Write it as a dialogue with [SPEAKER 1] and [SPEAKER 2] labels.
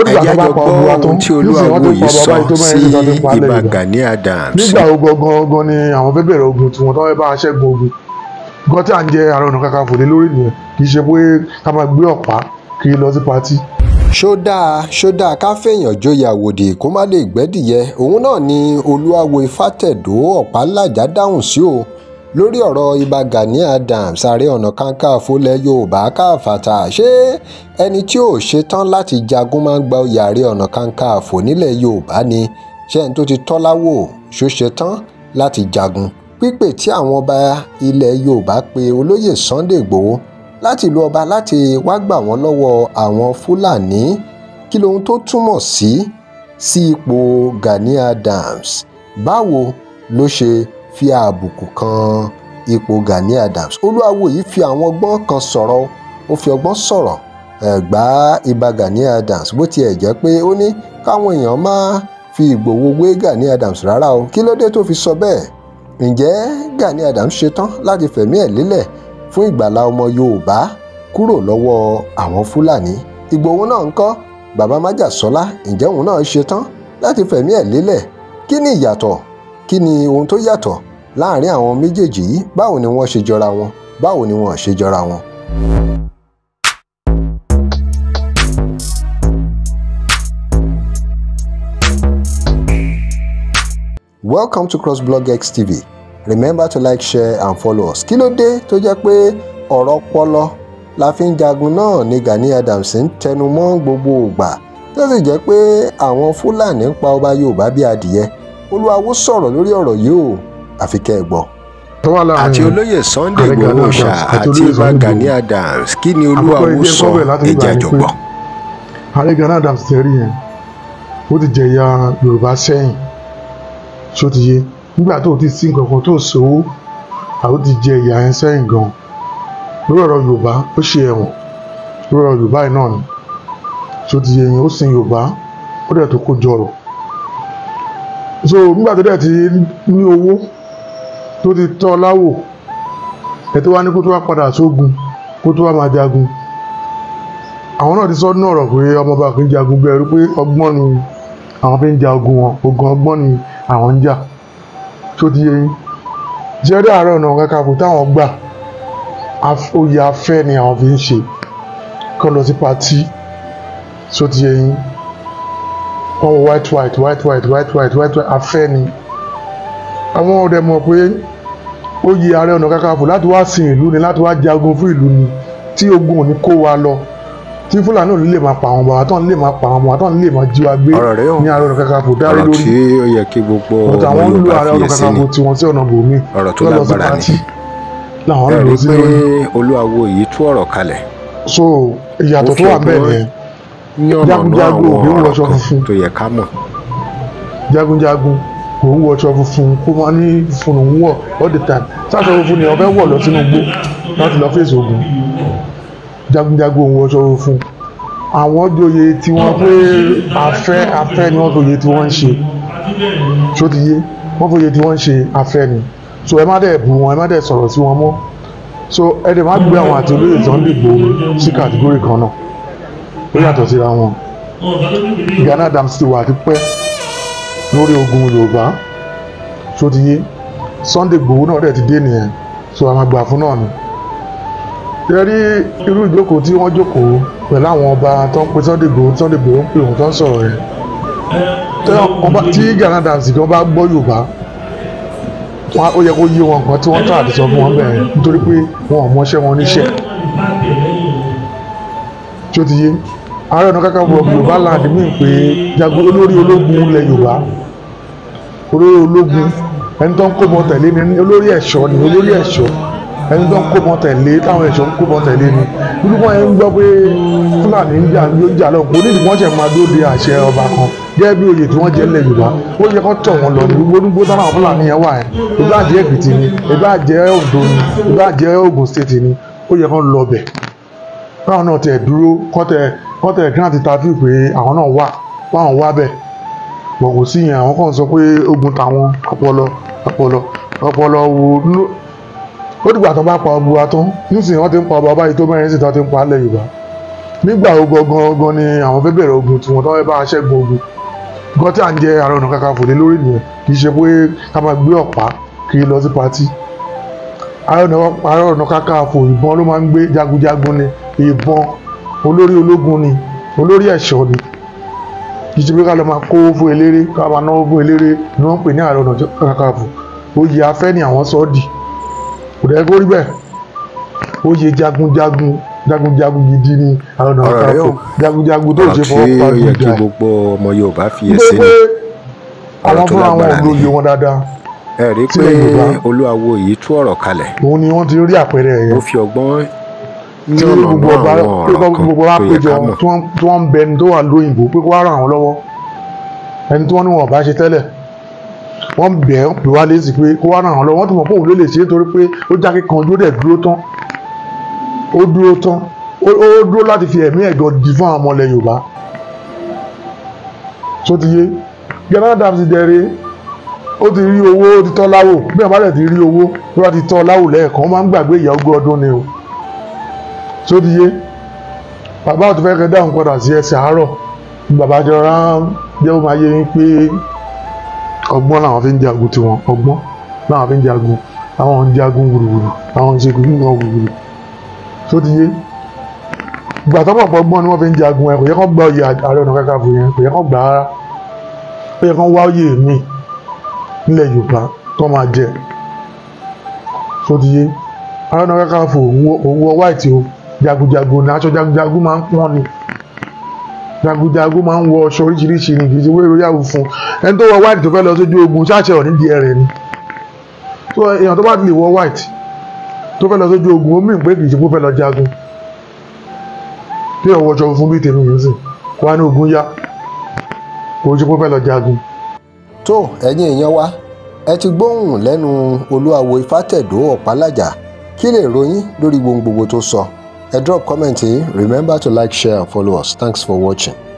[SPEAKER 1] ẹjá jọ gbọ́ ohun tí Olúawoyì sọ sí Ìbà
[SPEAKER 2] Gani Adams. nígbà
[SPEAKER 1] wo gangan ni àwọn fẹ́ bẹ̀rẹ̀ ogun tiwọn tó fẹ́ bá aṣẹ́gun ogun gọ́tí à ń jẹ Ààrẹ Ọ̀nà
[SPEAKER 2] Kakanfò lé lórí nìyẹn kì í ṣe pé ká máa gbé ọ̀pá kiri lọ sí patí ṣódà ṣódà káfẹ́yàn joyè àwòdì kó má lè gbẹ́dìyẹ òun náà ni Olúawoyì Fátẹ̀dó Ọ̀pálàjà dáhùn sí o lórí ọ̀rọ̀ ibà Gani Adams ààrẹ ọ̀nà kakanfò ilẹ̀ Yorùbá káfàtà ṣé ẹni tí ò ṣetán láti jagun máa ń gba oyè ààrẹ ọ̀nà kakanfò nílẹ̀ Yorùbá ni ṣé ẹni tó ti tọ́láwò ṣó ṣetán láti jagun pípè tí àwọn ọba ilẹ̀ Yorùbá pe olóyè Sunday Igboho láti ìlú ọba láti wá gbà wọ́n lọ́wọ́ àwọn Fúlàní kí lohun tó túmọ̀ sí sí ipò Gani Adams báwo ló ṣe fi àbùkù kan ipò Gani Adams olúwawo yìí fi àwọn ọgbọ́n kan sọ̀rọ̀ ó fi ọgbọ́n sọ̀rọ̀ ẹ̀gbá ibà Gani Adams bó tiẹ̀ jẹ́ pé ó ní káwọn èèyàn máa fi Ìgbòho wé Gani Adams rárá o kí ló dé tó fi sọ bẹ́ẹ̀ ǹjẹ́ Gani Adams ṣetán láti fẹ̀mí ẹ̀ lélẹ̀ fún ìgbàlá ọmọ Yorùbá kúrò lọ́wọ́ àwọn Fúlàní Ìgbòho náà ń kọ́ bàbá májàsọ́lá ǹjẹ́ òun náà ṣetán láti fẹ̀mí ẹ̀ lélẹ̀ kí ni ìyàtọ̀ kí ni ohun tó yàtọ̀ láàrin àwọn méjèèjì yìí báwo ni wọ́n ṣe jọra wọn báwo ni wọ́n ṣe jọra wọn. Welcome to crossblogX TV. Remember to like, share and follow us. Kí ló dé tó jẹ́ pé ọ̀rọ̀ pọlọ la fi ń jagun náà ni Gani Adams ń tẹnu mọ́ gbogbo ògbà tó sì jẹ́ pé àwọn Fúlàní ń pa ọba Yorùbá bí adìyẹ olúwawo sọ̀rọ̀ lórí ọ̀rọ̀ yìí o àfi kẹ́ ẹ gbọ́ àti olóyè Sunday Igboho Ọ̀ṣà àti Ìbà Gani Adams kí ni olúwawo sọ ẹjẹ àjọgbọ.
[SPEAKER 1] ààrẹ Gani Adams ti rí yẹn ó ti jẹ̀yà Yorùbá sẹ́yìn ṣó ti yé nígbà tó ti sí nǹkan kan tó sòwò àwọn ti jẹ ìyà yẹn sẹ́yìn gan lórí ọ̀rọ̀ Yorùbá ó ṣe ẹ̀wọ̀n lórí ọ̀rọ̀ Yorùbá yìí náà ni ṣó ti yé yẹn ó sin Yorùbá ó dẹ̀ tó kó jọrọ̀ so nígbà tó dẹ̀ ti ní owó tó ti tán láwò ẹ tó wá ní kó tó wá padà sógun kó tó wá máa jagun àwọn náà ti sọ ní ọ̀rọ̀ pé ọmọọba kì í jagun bí ẹrú pé ọgbọ́n ni àwọn fi ń ja ogun wọn ogun ọgbọ́n ni àwọn ń jà tó ti yẹ yín jẹ́rí àárọ̀ ọ̀nà kakanfò táwọn gbà oyè afẹ́ ni àwọn fi ń ṣe kọ́ lọ sí patí tó ti yẹ yín wọ́n wọ white white white white white white white white afẹ́ ni àwọn ọ̀dẹ mọ̀ pé ó yẹ ààrẹ ọ̀nà kakanfò láti wá sin ìlú ni láti wá jagun fún ìlú ni tí ogun ò ní kó wa lọ tí fúlàní ò lè máa pa àwọn bàbá tó lè máa pa àwọn bàbá tó lè máa jí wa gbé ní ààrẹ ọ̀nà kakanfò dárí lórí ọ̀rọ̀ tí
[SPEAKER 2] ó yẹ kí gbogbo ọmọ Yorùbá fi ẹsẹ̀ ni
[SPEAKER 1] ọ̀rọ̀ tó lágbára ni ẹ̀rí pé
[SPEAKER 2] olúwawo yìí tú ọ̀rọ̀ kalẹ̀ so ìyàtọ̀ tó wà bẹ́ẹ̀ nìyẹn jagunjagun ò ń wọṣọ
[SPEAKER 1] funfun tó yẹ ká mọ̀. jagunjagun kò ń wọṣọ funfun kó máa ní funfun ń wọ̀ all the time sáṣọ funfun ni wọ́n fẹ́ wọ̀ lọ sínú igbó láti lọ fèsì ogun jagunjagun ò ń wọṣọ funfun àwọn joyè tí wọ́n pé afẹ́ afẹ́ ni wọ́n joyè tí wọ́n ń ṣe tó ti yé wọ́n fòye tí wọ́n ń ṣe afẹ́ ni so ẹ má dẹ̀ bù wọn ẹ má dẹ̀ sọ̀rọ̀ sí wọn mọ́ so ẹ dẹ̀ má gbé àwọn àti olóyè tí wọ́n dìbò sí kàtígórì kan náà ó yàtọ̀ síra wọn Gani Adams ti wà tipẹ́ lórí ogun Yorùbá tó ti yé Sunday Igboho náà dẹ̀ ti dé nìyẹn so a máa gbà fún náà ni yẹrí irú ìjókòó tí wọ́n jókòó pẹ̀lú àwọn ọba tó ń pe Sunday Igboho Sunday Igboho ń pè wọ́n tó ń sọ̀rọ̀ yẹn tí Gani Adams gan bá gbọ́ Yorùbá ó yẹ kó yé wọn nǹkan tí wọ́n tà àti sọ fún wọn bẹ́ẹ̀ nítorí pé wọn ò mọṣẹ́ wọn níṣẹ́ tí ti yé ààrẹ ọ̀nà kakanfò yorùbá land mí pé jago olórí ológun ilẹ̀ yorùbá olórí ológun ẹni tó ń kó bọ́n tẹ̀lé mi olórí ẹ̀ṣọ́ ni olórí ẹ̀ṣọ́ ẹni tó ń kó bọ́n tẹ̀lé táwọn ẹ̀ṣọ́ ń kó bọ́n tẹ̀lé mi dúdú wọn ń gbọ́ pé fúlàní ń jà ló ń jà lọ́pọ̀ onídìí wọ́n ṣẹ̀ máa dóde àṣẹ ọba kan gẹ́gẹ́ bí oyè tí wọ́n jẹ́ lẹ̀ yorùbá ó yẹ kó tọ̀ wọn lọ ní gbogbo táwọn fúlàní yẹn wà ẹ̀ ìbá jẹ́ èkìtì ni ìbá jẹ́ oǹdó ni ìbá jẹ́ ògùn state ni ó yẹ kó lọ bẹ̀ káwọn náà tẹ̀ dúró kọ́ tẹ̀ wọ́n tẹ̀lé kí wọ́n ti ta fíì pé àwọn náà wà báwọn wá bẹ̀ bọ̀ kò sí yẹn àwọn kan sọ pé ogun tàwọn ọpọlọ ọpọlọ ọpọlọ wo ó dìgbà tó bá pa ọbu wa tán nísìnyí wọ́n ti ń pa ọba báyìí tó mẹ́rin sí tó ti ń pa alẹ́ Yorùbá nígbà ogun ọgbọ̀ngàn ni àwọn fẹ́ bẹ̀rẹ̀ ogun tiwọn tó fẹ́ bá aṣẹ́gun ogun nǹkan tí à ń jẹ Ààrẹ Ọ̀nà Kakanfò lé lórí nìyẹn kì í ṣe pé ká máa gbé ọ̀pá kiri lọ sí patí Ààrẹ Ọ̀nà Kakanfò ìbọn ló máa ń gbé jagunjagun ni ìbọn olórí ológun ni olórí ẹ̀ṣọ́ ni jíjí pé ká lọ máa kó fún eléré ká máa náwó fún eléré ni wọ́n ń pè ní ààrẹ ọ̀nà kakanfò oyè afẹ́ ni àwọn sọ ọ́ dì kò dẹ́ kó rí bẹ́ẹ̀ oyè jagunjagun jagunjagun gidi ni ààrẹ ọ̀nà kakanfò jagunjagun tó ṣe fọwọ́ pa gbígbà. kí
[SPEAKER 2] gbogbo ọmọ Yorùbá fi ẹsẹ̀ ní
[SPEAKER 1] àwọn fúnra wọn ò lóye wọn dáadáa
[SPEAKER 2] ẹ rí i pé olúwawo yìí tú ọ̀rọ̀ kalẹ̀. òun ni wọ́n ti rí àpẹẹrẹ yẹn. ó fi ọgbọ́n tí gbogbo ọba gbogbo wa péjọ tí
[SPEAKER 1] wọ́n ń bẹ ẹni tó wà lóyìnbó pé kó wá ràn wọ́n lọ́wọ́ ẹni tí wọ́n ní wọn ọba ṣe tẹ́lẹ̀ wọ́n ń bẹ̀ ẹ́ pè wá létí pé kó wá ràn wọ́n lọ́wọ́ wọ́n tún mọ̀ pé òun ló lè ṣe é torí pé ó jákè kan ojú rẹ̀ dúró tán ó dúró tán ó dúró láti fi ẹ̀mí ẹ̀gọ́ di fún àwọn ọmọlẹ̀ Yorùbá tó ti yé Gani Adams ti dẹ̀rẹ̀ ó ti rí owó ó ti tọ́ láwò bí wọ́n bá dẹ̀ ti rí owó bí wọ́n ti tọ́ láwò lẹ́ẹ̀kan wọ́n máa ń gbàgbé ìyá ogún ọdún ni o tó di yé bàbá àti fẹ́ kẹ́ dáhùn padà sí ẹsẹ̀ àárọ̀ bàbá jọ rán jẹ́ ó máa yé yín pé ọgbọ́n làwọn fi ń jagun tiwọn ọgbọ́n làwọn fi ń jagun àwọn ń jagun gbùrùgbùrù àwọn ń ṣe gbùrùgbùrù gbùrùgbùrù tó di yé gbà tọ́pọ̀ pọ̀ gbọ́n ni wọ́n fi ń jagun ẹ̀ kò yẹ kó gba oyè Ààrẹ Ọ̀nà Kakanfò yẹn kò yẹ kó gbà rárá ó yẹ kó wá oyè mi nílẹ̀ Yorùbá tó máa jẹ tó di yé Ààrẹ Ọ̀nà Kakanfò òun wọ o jagunjagun ní aṣọ jagunjagun máa ń pọ́n ni jagunjagun máa ń wọ ọṣọ oríṣiríṣi ní ìfìdí wéèrò yàwó fún ẹni tó wọ white tó fẹ́ lọ sójú ogun ṣáṣẹ ọ̀ nídìí ẹ̀rẹ̀ ni tó èèyàn tó bá lè wọ white tó fẹ́ lọ sójú ogun ó mì pé kì í ṣe pé ó fẹ́ lọ jagun tí ò wọṣọ fún bíi tèmi yìí sìn wá ní ogun
[SPEAKER 2] yá kò ṣe pé ó fẹ́ lọ jagun. tó ẹ̀yin èèyàn wa ẹ ti gbóhùn lẹ́nu olúawo ifátẹ̀dọ́ ọ̀pálájà kí lè ròyìn lórí gbogbo tó sọ so. drop comment here. Eh? Remember to like, share, and follow us. Thanks for watching.